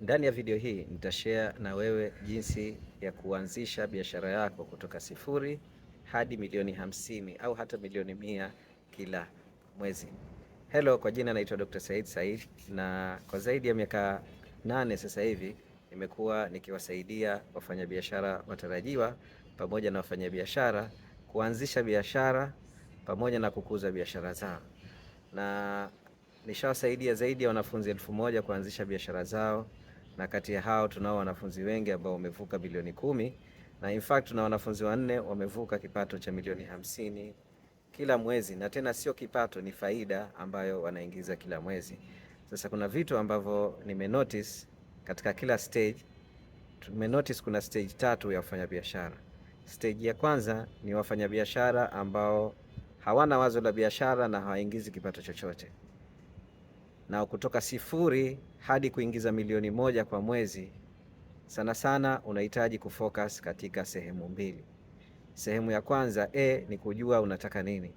Ndani ya video hii nitashare na wewe jinsi ya kuanzisha biashara yako kutoka sifuri hadi milioni hamsini au hata milioni mia kila mwezi. Hello, kwa jina naitwa Dr. Said Said na kwa zaidi ya miaka nane sasa hivi nimekuwa nikiwasaidia wafanyabiashara watarajiwa pamoja na wafanyabiashara kuanzisha biashara pamoja na kukuza biashara zao na nishawasaidia zaidi ya wanafunzi elfu moja kuanzisha biashara zao na kati ya hao tunao wanafunzi wengi ambao wamevuka bilioni kumi na in fact tuna wanafunzi wanne wamevuka kipato cha milioni hamsini kila mwezi, na tena sio kipato, ni faida ambayo wanaingiza kila mwezi. Sasa kuna vitu ambavyo nimenotice katika kila stage. Tumenotice kuna stage tatu ya wafanyabiashara. Stage ya kwanza ni wafanyabiashara ambao hawana wazo la biashara na hawaingizi kipato chochote na kutoka sifuri hadi kuingiza milioni moja kwa mwezi, sana sana unahitaji kufocus katika sehemu mbili. Sehemu ya kwanza e, ni kujua unataka nini.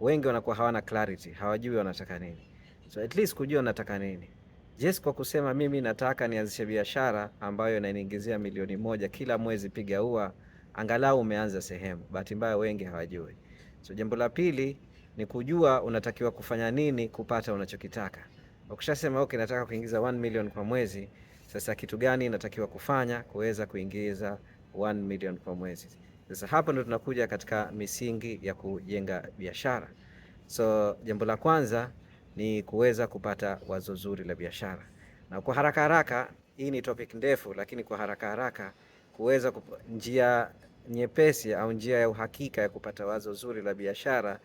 Wengi wanakuwa hawana clarity, hawajui wanataka nini, so at least kujua unataka nini Yes, kwa kusema mimi nataka nianzishe biashara ambayo inaniingizia milioni moja kila mwezi, piga ua, angalau umeanza sehemu. Bahati mbaya wengi hawajui. So jambo la pili ni kujua unatakiwa kufanya nini kupata unachokitaka. Ukishasema okay, nataka kuingiza 1 million kwa mwezi, sasa kitu gani natakiwa kufanya kuweza kuingiza 1 million kwa mwezi? Sasa hapo ndo tunakuja katika misingi ya kujenga biashara. So jambo la kwanza ni kuweza kupata wazo zuri la biashara, na kwa haraka haraka, hii ni topic ndefu, lakini kwa haraka haraka kuweza kup... njia nyepesi au njia ya uhakika ya kupata wazo zuri la biashara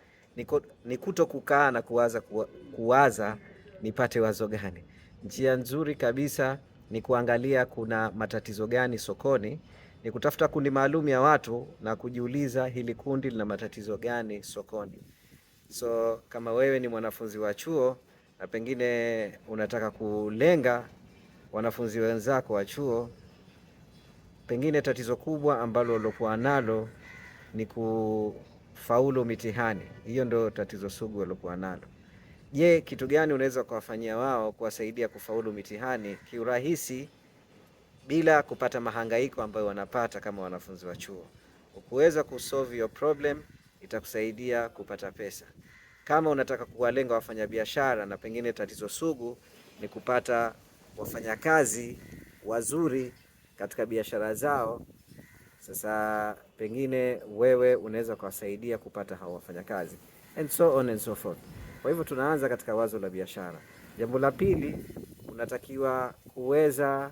ni kuto kukaa na kuwaza kuwaza nipate wazo gani? Njia nzuri kabisa ni kuangalia kuna matatizo gani sokoni, ni kutafuta kundi maalum ya watu na kujiuliza hili kundi lina matatizo gani sokoni. So kama wewe ni mwanafunzi wa chuo na pengine unataka kulenga wanafunzi wenzako wa chuo, pengine tatizo kubwa ambalo walokuwa nalo ni kufaulu mitihani. Hiyo ndio tatizo sugu walokuwa nalo. Je, kitu gani unaweza kuwafanyia wao kuwasaidia kufaulu mitihani kiurahisi bila kupata mahangaiko ambayo wanapata kama wanafunzi wa chuo? Ukuweza kusolve your problem itakusaidia kupata pesa. Kama unataka kuwalenga wafanyabiashara, na pengine tatizo sugu ni kupata wafanyakazi wazuri katika biashara zao, sasa pengine wewe unaweza kuwasaidia kupata hao wafanyakazi and so on and so forth. Kwa hivyo tunaanza katika wazo la biashara. Jambo la pili, unatakiwa kuweza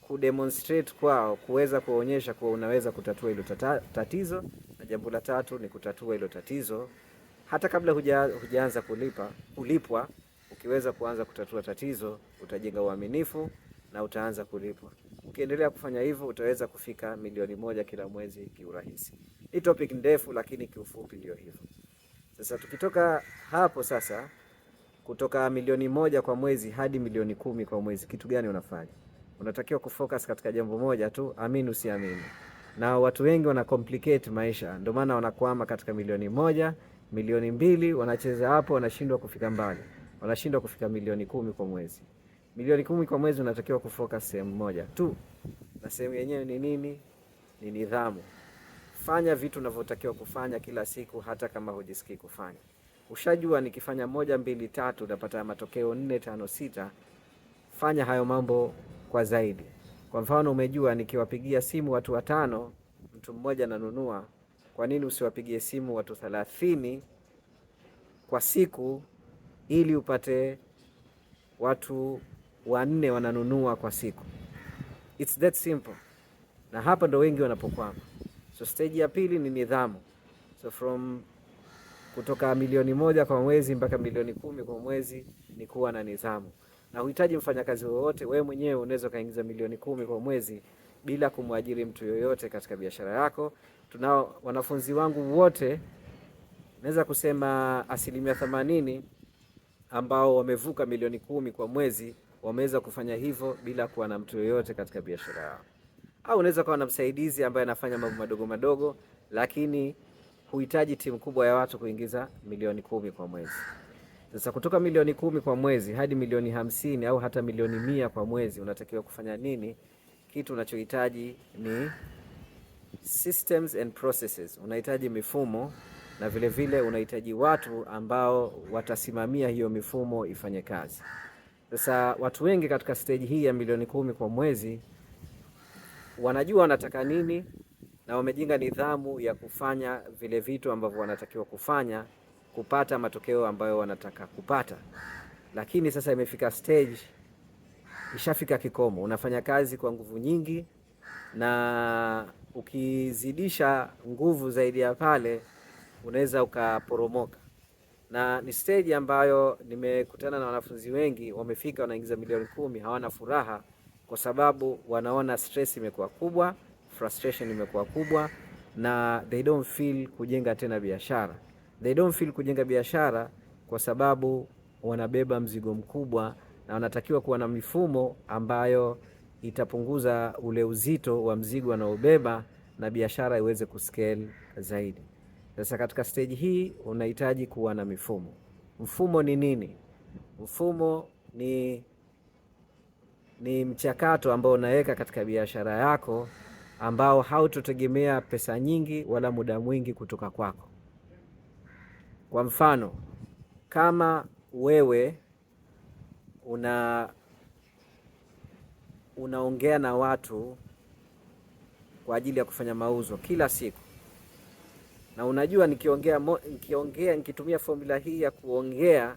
kudemonstrate kwao, kuweza kuonyesha kuwa unaweza kutatua hilo tatizo, na jambo la tatu ni kutatua hilo tatizo hata kabla huja, hujaanza kulipa kulipwa. Ukiweza kuanza kutatua tatizo, utajenga uaminifu na utaanza kulipwa. Ukiendelea kufanya hivyo, utaweza kufika milioni moja kila mwezi kiurahisi. Ni topic ndefu, lakini kiufupi ndio hivyo. Sasa tukitoka hapo sasa, kutoka milioni moja kwa mwezi hadi milioni kumi kwa mwezi, kitu gani unafanya? Unatakiwa kufocus katika jambo moja tu, amini usiamini. Na watu wengi wana complicate maisha, ndio maana wanakwama katika milioni moja, milioni mbili, wanacheza hapo, wanashindwa kufika mbali, wanashindwa kufika milioni kumi kwa mwezi. Milioni kumi kwa mwezi unatakiwa kufocus sehemu moja tu, na sehemu yenyewe ni nini? Ni nidhamu. Fanya vitu unavyotakiwa kufanya kila siku, hata kama hujisikii kufanya. Ushajua nikifanya moja, mbili, tatu utapata matokeo nne, tano, sita. Fanya hayo mambo kwa zaidi. Kwa mfano, umejua nikiwapigia simu watu watano, mtu mmoja ananunua, kwa nini usiwapigie simu watu thelathini kwa siku, ili upate watu wanne wananunua kwa siku. It's that simple. Na hapa ndo wengi wanapokwama. So stage ya pili ni nidhamu. So from kutoka milioni moja kwa mwezi mpaka milioni kumi kwa mwezi ni kuwa na nidhamu, na huhitaji mfanyakazi wowote. Wewe mwenyewe unaweza ukaingiza milioni kumi kwa mwezi bila kumwajiri mtu yoyote katika biashara yako. Tunao wanafunzi wangu wote, naweza kusema asilimia themanini ambao wamevuka milioni kumi kwa mwezi wameweza kufanya hivyo bila kuwa na mtu yoyote katika biashara yao au unaweza kuwa na msaidizi ambaye anafanya mambo madogo madogo, lakini huhitaji timu kubwa ya watu kuingiza milioni kumi kwa mwezi. Sasa kutoka milioni kumi kwa mwezi hadi milioni hamsini au hata milioni mia kwa mwezi, unatakiwa kufanya nini? Kitu unachohitaji ni systems and processes. Unahitaji mifumo na vile vile unahitaji watu ambao watasimamia hiyo mifumo ifanye kazi. Sasa watu wengi katika stage hii ya milioni kumi kwa mwezi wanajua wanataka nini na wamejenga nidhamu ya kufanya vile vitu ambavyo wanatakiwa kufanya kupata matokeo ambayo wanataka kupata. Lakini sasa imefika stage, ishafika kikomo, unafanya kazi kwa nguvu nyingi, na ukizidisha nguvu zaidi ya pale unaweza ukaporomoka, na ni stage ambayo nimekutana na wanafunzi wengi wamefika, wanaingiza milioni kumi, hawana furaha kwa sababu wanaona stress imekuwa kubwa, frustration imekuwa kubwa na they don't feel kujenga tena biashara. They don't feel kujenga biashara kwa sababu wanabeba mzigo mkubwa na wanatakiwa kuwa na mifumo ambayo itapunguza ule uzito wa mzigo wanaobeba na biashara iweze kuscale zaidi. Sasa katika stage hii unahitaji kuwa na mifumo. Mfumo ni nini? Mfumo ni ni mchakato ambao unaweka katika biashara yako ambao hautotegemea pesa nyingi wala muda mwingi kutoka kwako. Kwa mfano, kama wewe una unaongea na watu kwa ajili ya kufanya mauzo kila siku, na unajua nikiongea nikiongea nikitumia formula hii ya kuongea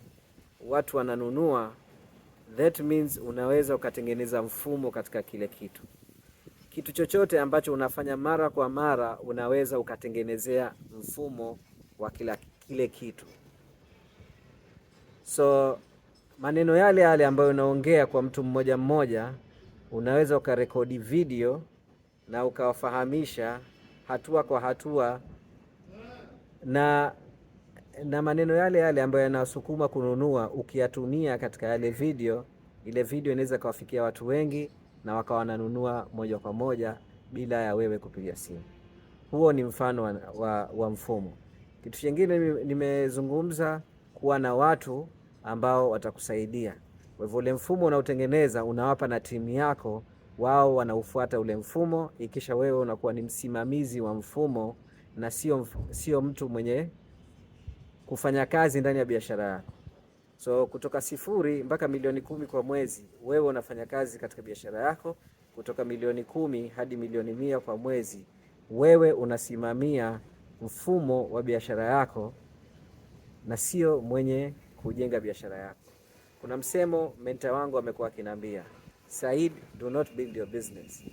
watu wananunua That means unaweza ukatengeneza mfumo katika kile kitu. Kitu chochote ambacho unafanya mara kwa mara, unaweza ukatengenezea mfumo wa kila kile kitu. So maneno yale yale ambayo unaongea kwa mtu mmoja mmoja, unaweza ukarekodi video na ukawafahamisha hatua kwa hatua na na maneno yale yale ambayo yanawasukuma kununua, ukiyatumia katika yale video, ile video inaweza kawafikia watu wengi na wakawa wananunua moja kwa moja bila ya wewe kupiga simu. Huo ni mfano wa, wa, wa mfumo. Kitu kingine nimezungumza kuwa na watu ambao watakusaidia. Kwa hivyo ule mfumo unaotengeneza unawapa na timu yako, wao wanaufuata ule mfumo, ikisha wewe unakuwa ni msimamizi wa mfumo na sio, sio mtu mwenye kufanya kazi ndani ya biashara yako. So kutoka sifuri mpaka milioni kumi kwa mwezi, wewe unafanya kazi katika biashara yako. Kutoka milioni kumi hadi milioni mia kwa mwezi, wewe unasimamia mfumo wa biashara yako na sio mwenye kujenga biashara yako. Kuna msemo mentor wangu amekuwa akinambia, Said, do not build your business.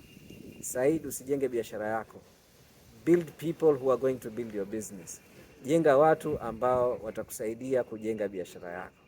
Said, usijenge biashara yako, build people who are going to build your business jenga watu ambao watakusaidia kujenga biashara yako.